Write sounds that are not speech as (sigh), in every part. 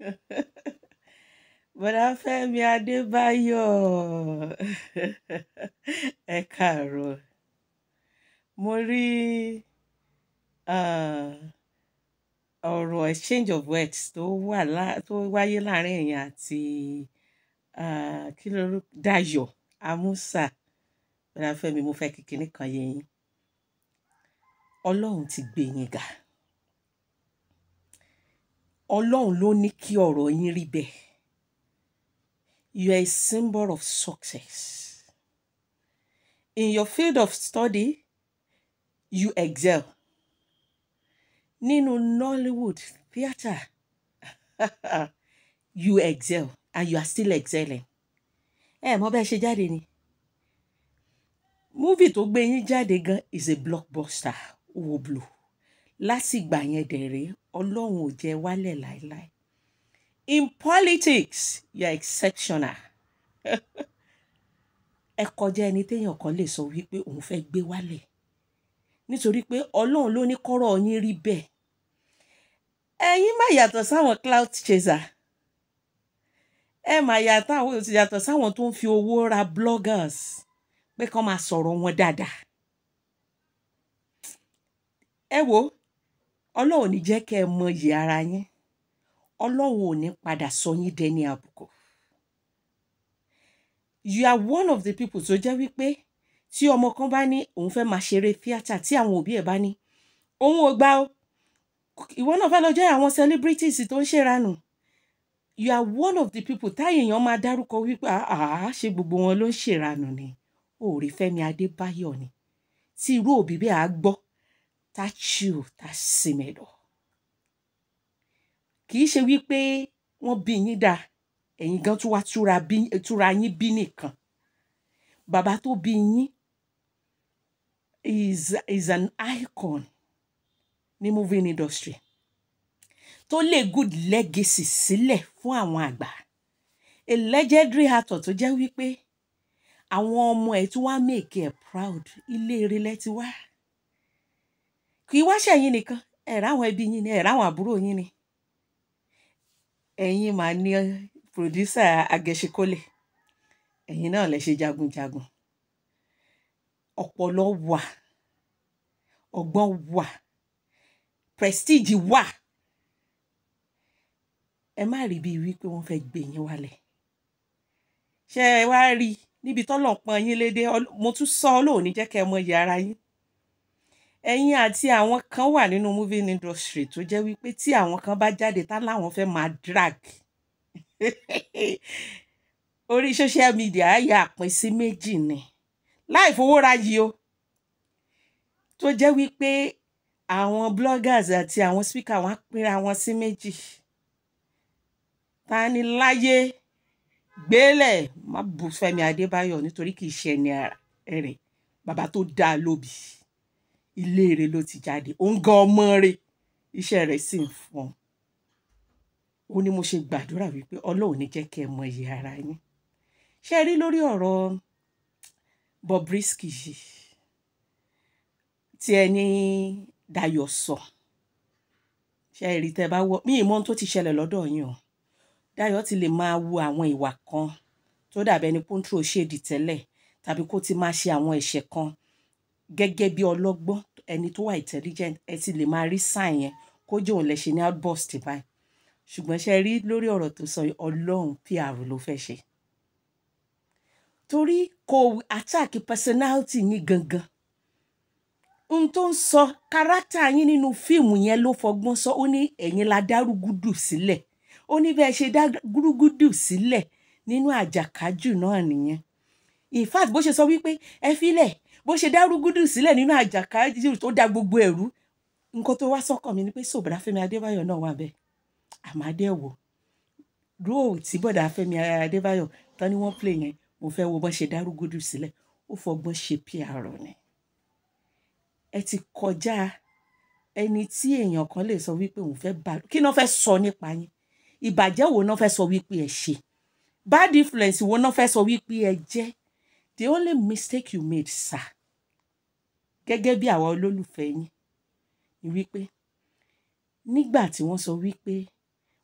(laughs) Bọ́láfẹ́mi Adébáyọ̀ (laughs) ẹ káàárọ̀ mo rí ọ̀rọ̀ exchange of words tó wà tó wáyé láàrin ẹ̀yin àti kí lóru Dayọ̀ Amusa Bọ́láfẹ́mi mo fẹ́ kékeré kan yẹn yín Ọlọ́run ti gbé yín ga ọlọ́run ló ní kí ọ̀rọ̀ yín rí bẹ́ẹ̀ you are a symbol of success in your field of study you excel nínú Nollywood theatre (laughs) you excel and you are still excelling ẹ mọ̀ bẹ́ẹ̀ ṣe jáde ni movie tó gbé yín jáde gan is a blockbuster wo blue lásìgbà yẹn dẹ̀rẹ́ ọlọ́run ò jẹ́ wálẹ̀ láéláé in politics you are exceptional (laughs) ẹ kọjá ẹni téèyàn kan lè sọ wípé òun fẹ́ gbé wálẹ̀ nítorí pé ọlọ́run ló ní kọ́rọ̀ yín rí bẹ́ẹ̀ ẹ̀yin má yàtọ̀ sáwọn cloud chaser ẹ má yàtọ̀ sáwọn tó ń fi owó ra bloggers pé kán máa sọ̀rọ̀ wọn dáadáa ẹ wo ọlọ́run ò ní jẹ́ kẹ́ ẹ mọyì ara yín ọlọ́run ò ní padà sọ yín dẹni àbùkù you are one of the people tó jẹ́ wípé tí ọmọ kan bá ní òun fẹ́ máa ṣeré tíátà tí àwọn òbí ẹ̀ bá ní òun ò gbà ó ìwọ náà fẹ́ lọ jẹ́ àwọn celebrities tó ń ṣèrànù you are one of the people táyì èèyàn máa dárúkọ wípé àá ṣe gbogbo wọn ló ń ṣèrànù ni òòrè Fẹ́mi Adébáyọ̀ ni tí irú òbí bẹ́ẹ̀ á gbọ́ táṣíù táṣìmẹ̀dọ̀ kì í ṣe wípé wọ́n bí yín dáa ẹ̀yin gan tún wá túra yín bí nìkan bàbá tó bí yín is is an icon ní movie industry tó lè good legacy sílẹ̀ fún àwọn àgbà a legendary actor tó jẹ́ wípé àwọn ọmọ ẹ̀ tí wọ́n á make ẹ̀ proud ilé eré lẹ́tí wá kì í wá ṣẹ̀yìn nìkan ẹ̀ ráwọn ẹbí yín ni ẹ̀ ráwọn àbúrò yín ni ẹ̀yin máa ní pòdúsà agẹṣekólè ẹ̀yin náà lè ṣe jagunjagun ọpọlọ wà ọgbọ́n wà prestige wà ẹ má rí bíi wípé wọ́n fẹ́ gbé yín wálẹ̀ ṣé ẹ wá rí níbi tọ́lọ̀ yín lédè mo tún sọ ọ́ lóòní jẹ́ kẹ́ ẹ mọ ara yín ẹ̀yin àti àwọn kan wà nínú moving industry tó jẹ́ wípé tí àwọn kan bá jáde tá láwọn fẹ́ máa drag (laughs) orí social media á yà pín sí méjì ni láì fowó ra yìí o tó jẹ́ wípé àwọn bloggers àti àwọn speaker wọn á pínra wọn sí méjì ta ni láyé gbélẹ̀ má bu Fẹ́mi Adébáyọ̀ nítorí kì í ṣe ẹni ara ẹ̀rìn bàbá tó dáa lóbi ilé rẹ̀ ló ti jáde ó ń gan ọmọ rẹ̀ iṣẹ́ rẹ̀ sì ń fún ó ní mo ṣe gbàdúrà wípé ọlọ́run ní jẹ́ kẹ́ ẹ mọ iye ara yín ṣe rí lórí ọ̀rọ̀ Bobrisky yìí tí ẹni Dayọ̀ sọ ṣe rí tẹ́ bá wọ mí ìmọ̀ tó ti ṣẹlẹ̀ lọ́dọ̀ yín Dayọ̀ ti lè máa wo àwọn ìwà kan tó dàbí ẹni pọ́ńtrò ṣèdí tẹ́lẹ̀ tàbí kó ti máa ṣe àwọn ẹ̀ṣẹ̀ kan gẹ́gẹ́ bí ọlọ́gbọ́n ẹni tó wà intelligent ẹ ti lè máa rí sign yẹn kó jẹ́ òun lẹ ṣe ní outburst báyìí ṣùgbọ́n ṣe rí lórí ọ̀rọ̀ tó sọ ọlọ́run pr ló fẹ́ ṣe torí kò attack personality yín gangan n tó ń sọ kárátà yín nínú fíìmù yẹn ló fọgbọ́n sọ ó ní ẹ̀yin la dárúgúdù sílẹ̀ ó ní bẹ́ẹ̀ ṣe dárúgúdù sílẹ̀ nínú àjàkájù náà nìyẹn in fact bó ṣe sọ wípé ẹ filẹ̀ bó ṣe dá rúgúdù sílẹ̀ nínú àjàkáyé tó dá gbogbo ẹ̀rú nǹkan tó wá sọ́kàn mi ni pé so bọ̀dá Fẹ́mi Adébáyọ̀ náà wà bẹ́ẹ̀ àmàdé wò ró tí bọ̀dá Fẹ́mi Adébáyọ̀ tán ni wọ́n pè yẹn mo fẹ́ wo bó ṣe dá rúgúdù sílẹ̀ ó fọgbọ́n ṣe pr ni ẹ ti kọjá ẹni tí èèyàn kan lè sọ wípé òun fẹ́ bá kí náà fẹ́ sọ nípa yín ìbàjẹ́ wo náà fẹ́ sọ wípé ẹ ṣe bad influence wo náà fẹ́ sọ wípé ẹ jẹ́ the only mistake you made sir gẹ́gẹ́ bí àwa olólùfẹ́ yín ni wípé nígbà tí wọ́n sọ wípé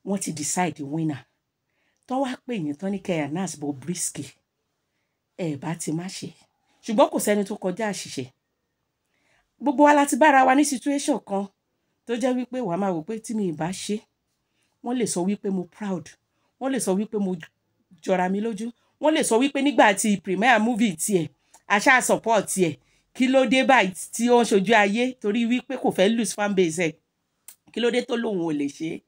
wọ́n ti decide winner tó wá pè yín tán ní kẹyà nas Bobrisky ẹ bá ti má ṣe ṣùgbọ́n kò sẹ́ni tó kọjá àṣìṣe gbogbo wa láti bára wa ní situation kan tó jẹ́ wípé wàá máa wò pé tí mi ì bá ṣe wọ́n lè sọ wípé mo proud wọ́n lè sọ wípé mo jọra mi lójú wọ́n lè sọ wípé nígbà tí premier movie tiẹ̀ àṣà support tiẹ̀ kí ló dé báyìí tí ó ń ṣojú ayé torí wípé kò fẹ́ lose fan base ẹ̀ kí ló dé tó lòun ò lè ṣe é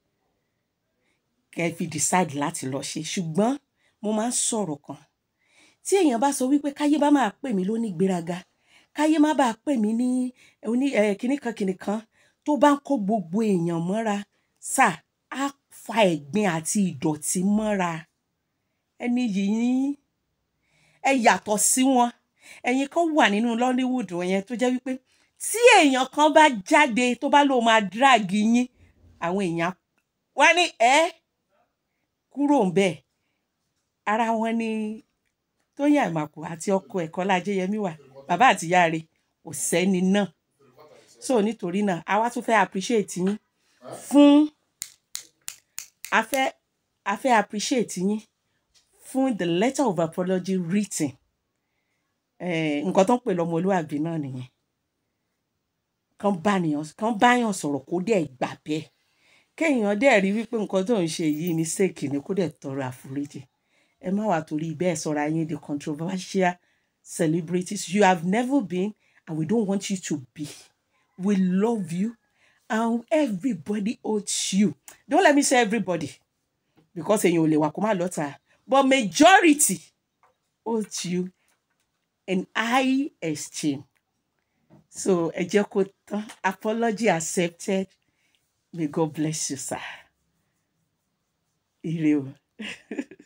kẹ́ fi decide láti lọ ṣe ṣùgbọ́n mo máa ń sọ̀rọ̀ kan tí èèyàn bá sọ wípé káyé bá máa pè mí lóní gbéraga káyé má bàa pè mí ní oní kìnìkan kìnìkan tó bá ń kó gbogbo èèyàn mọ́ra sà á fa ẹ̀gbin àti ìdọ̀tí mọ́ra ẹni yìí ẹ yàtọ̀ sí wọn ẹ̀yin kan wà nínú Nollywood yẹn tó jẹ́ wípé tí èèyàn kan bá jáde tó bá lóun máa dírágì yín àwọn èèyàn wá ní ẹ kúrò ń bẹ̀ ara wọn ni Tóyìn Àmàkù àti ọkọ ẹ̀ Kọ́lá Ajéyẹmí wà bàbá àtìyá rẹ̀ kò sẹ́ni náà so nítorí náà a wá tún fẹ́ appreciate yín fún a fẹ́ a appreciate yín fún the letter of apology written Eh, nǹkan tó ń pè lọ́mọlúwàbí náà nìyẹn kàn bá nìyàn kàn báyàn sọ̀rọ̀ kó dẹ̀ gbà bẹ́ẹ̀ kéèyàn dẹ̀ rí wípé nǹkan tó ń ṣe yìí ní sèkì ni kó dẹ̀ tọrọ àforíjì ẹ má wàá torí bẹ́ẹ̀ sọ̀rọ̀ ayé the controversial celebrities you have never been and we don't want you to be we love you and everybody owes you don't let me say everybody because èèyàn ò lè wà kó má lọ́ta but majority owes you and high esteem. So ẹ jẹ́ kó tán apology accepted may God bless you sir. Ire o. (laughs)